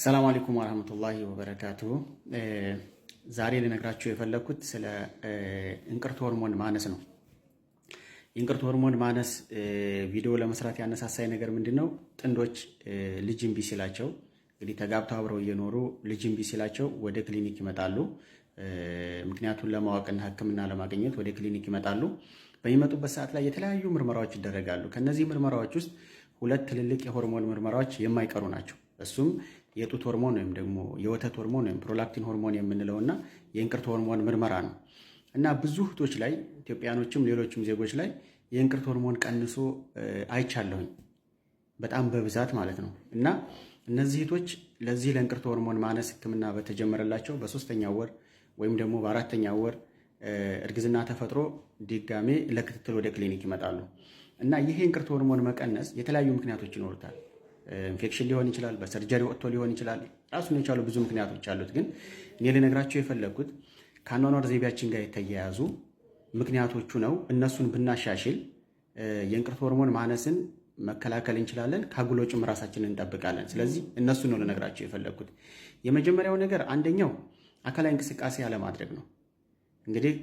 ሰላም አለይኩም ወራህመቱላሂ ወበረካቱ ዛሬ ልነግራችሁ የፈለግኩት ስለ እንቅርት ሆርሞን ማነስ ነው። የእንቅርት ሆርሞን ማነስ ቪዲዮ ለመስራት ያነሳሳይ ነገር ምንድን ነው? ጥንዶች ልጅ እምቢ ሲላቸው እንግዲህ ተጋብተው አብረው እየኖሩ ልጅ እምቢ ሲላቸው ወደ ክሊኒክ ይመጣሉ። ምክንያቱን ለማወቅና ሕክምና ለማግኘት ወደ ክሊኒክ ይመጣሉ። በሚመጡበት ሰዓት ላይ የተለያዩ ምርመራዎች ይደረጋሉ። ከነዚህ ምርመራዎች ውስጥ ሁለት ትልልቅ የሆርሞን ምርመራዎች የማይቀሩ ናቸው። እሱም የጡት ሆርሞን ወይም ደግሞ የወተት ሆርሞን ወይም ፕሮላክቲን ሆርሞን የምንለው እና የእንቅርት ሆርሞን ምርመራ ነው እና ብዙ እህቶች ላይ ኢትዮጵያኖችም ሌሎችም ዜጎች ላይ የእንቅርት ሆርሞን ቀንሶ አይቻለሁኝ በጣም በብዛት ማለት ነው። እና እነዚህ እህቶች ለዚህ ለእንቅርት ሆርሞን ማነስ ህክምና በተጀመረላቸው በሶስተኛ ወር ወይም ደግሞ በአራተኛ ወር እርግዝና ተፈጥሮ ድጋሜ ለክትትል ወደ ክሊኒክ ይመጣሉ እና ይህ የእንቅርት ሆርሞን መቀነስ የተለያዩ ምክንያቶች ይኖሩታል። ኢንፌክሽን ሊሆን ይችላል፣ በሰርጀሪ ወጥቶ ሊሆን ይችላል። ራሱን የቻሉ ብዙ ምክንያቶች አሉት። ግን እኔ ልነግራቸው የፈለግኩት ከአኗኗር ዘይቤያችን ጋር የተያያዙ ምክንያቶቹ ነው። እነሱን ብናሻሽል የእንቅርት ሆርሞን ማነስን መከላከል እንችላለን። ከጉሎጭም ራሳችንን እንጠብቃለን። ስለዚህ እነሱን ነው ልነግራቸው የፈለግኩት። የመጀመሪያው ነገር አንደኛው አካላዊ እንቅስቃሴ አለማድረግ ነው። እንግዲህ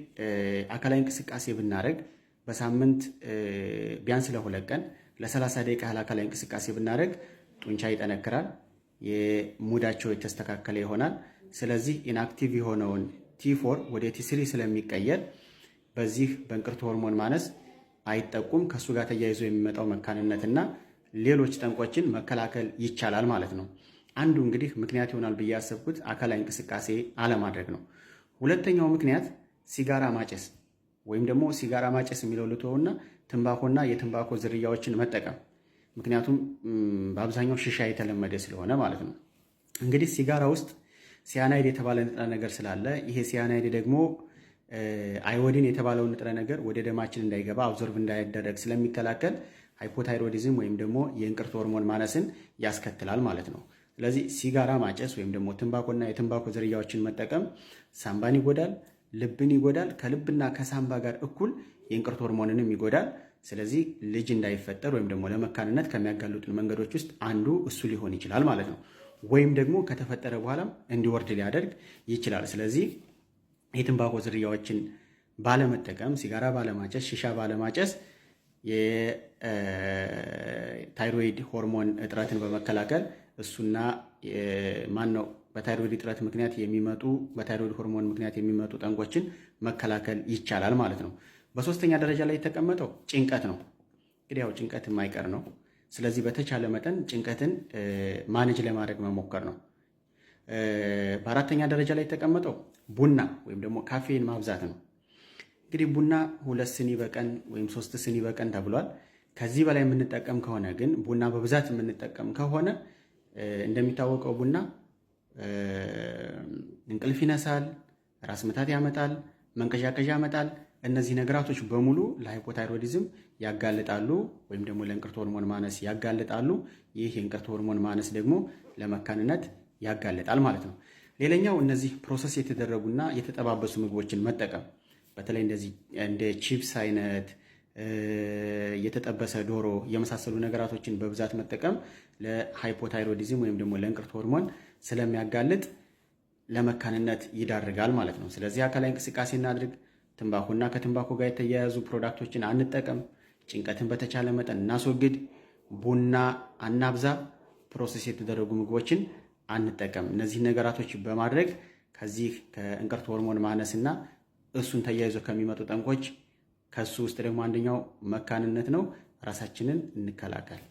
አካላዊ እንቅስቃሴ ብናደረግ በሳምንት ቢያንስ ለሁለት ቀን ለ30 ደቂቃ ያህል አካላዊ እንቅስቃሴ ብናደርግ ጡንቻ ይጠነክራል፣ የሙዳቸው የተስተካከለ ይሆናል። ስለዚህ ኢንአክቲቭ የሆነውን ቲ4 ወደ ቲ3 ስለሚቀየር በዚህ በእንቅርት ሆርሞን ማነስ አይጠቁም። ከእሱ ጋር ተያይዞ የሚመጣው መካንነትና ሌሎች ጠንቆችን መከላከል ይቻላል ማለት ነው። አንዱ እንግዲህ ምክንያት ይሆናል ብዬ ያሰብኩት አካላዊ እንቅስቃሴ አለማድረግ ነው። ሁለተኛው ምክንያት ሲጋራ ማጨስ ወይም ደግሞ ሲጋራ ማጨስ የሚለው ልትሆና ትንባኮና የትንባኮ ዝርያዎችን መጠቀም ምክንያቱም በአብዛኛው ሽሻ የተለመደ ስለሆነ ማለት ነው። እንግዲህ ሲጋራ ውስጥ ሲያናይድ የተባለ ንጥረ ነገር ስላለ ይሄ ሲያናይድ ደግሞ አይወዲን የተባለውን ንጥረ ነገር ወደ ደማችን እንዳይገባ አብዞርቭ እንዳይደረግ ስለሚከላከል ሃይፖታይሮዲዝም ወይም ደግሞ የእንቅርት ሆርሞን ማነስን ያስከትላል ማለት ነው። ስለዚህ ሲጋራ ማጨስ ወይም ደግሞ ትንባኮና የትንባኮ ዝርያዎችን መጠቀም ሳምባን ይጎዳል። ልብን ይጎዳል። ከልብና ከሳምባ ጋር እኩል የእንቅርት ሆርሞንንም ይጎዳል። ስለዚህ ልጅ እንዳይፈጠር ወይም ደግሞ ለመካንነት ከሚያጋልጡን መንገዶች ውስጥ አንዱ እሱ ሊሆን ይችላል ማለት ነው። ወይም ደግሞ ከተፈጠረ በኋላም እንዲወርድ ሊያደርግ ይችላል። ስለዚህ የትንባኮ ዝርያዎችን ባለመጠቀም፣ ሲጋራ ባለማጨስ፣ ሽሻ ባለማጨስ የታይሮይድ ሆርሞን እጥረትን በመከላከል እሱና ማን ነው በታይሮይድ እጥረት ምክንያት የሚመጡ በታይሮይድ ሆርሞን ምክንያት የሚመጡ ጠንቆችን መከላከል ይቻላል ማለት ነው። በሶስተኛ ደረጃ ላይ የተቀመጠው ጭንቀት ነው። እንግዲህ ያው ጭንቀት የማይቀር ነው። ስለዚህ በተቻለ መጠን ጭንቀትን ማኔጅ ለማድረግ መሞከር ነው። በአራተኛ ደረጃ ላይ የተቀመጠው ቡና ወይም ደግሞ ካፌን ማብዛት ነው። እንግዲህ ቡና ሁለት ስኒ በቀን ወይም ሶስት ስኒ በቀን ተብሏል። ከዚህ በላይ የምንጠቀም ከሆነ ግን ቡና በብዛት የምንጠቀም ከሆነ እንደሚታወቀው ቡና እንቅልፍ ይነሳል፣ ራስ ምታት ያመጣል፣ መንቀዣቀዣ ያመጣል። እነዚህ ነገራቶች በሙሉ ለሃይፖታይሮዲዝም ያጋልጣሉ ወይም ደግሞ ለእንቅርት ሆርሞን ማነስ ያጋልጣሉ። ይህ የእንቅርት ሆርሞን ማነስ ደግሞ ለመካንነት ያጋልጣል ማለት ነው። ሌላኛው እነዚህ ፕሮሰስ የተደረጉና የተጠባበሱ ምግቦችን መጠቀም በተለይ እንደዚህ እንደ ቺፕስ አይነት የተጠበሰ ዶሮ የመሳሰሉ ነገራቶችን በብዛት መጠቀም ለሃይፖታይሮዲዝም ወይም ደግሞ ለእንቅርት ሆርሞን ስለሚያጋልጥ ለመካንነት ይዳርጋል ማለት ነው። ስለዚህ አካላዊ እንቅስቃሴ እናድርግ። ትንባኮና ከትንባኮ ጋር የተያያዙ ፕሮዳክቶችን አንጠቀም። ጭንቀትን በተቻለ መጠን እናስወግድ። ቡና አናብዛ። ፕሮሰስ የተደረጉ ምግቦችን አንጠቀም። እነዚህ ነገራቶች በማድረግ ከዚህ ከእንቅርት ሆርሞን ማነስና እሱን ተያይዞ ከሚመጡ ጠንቆች ከሱ ውስጥ ደግሞ አንደኛው መካንነት ነው። ራሳችንን እንከላከል።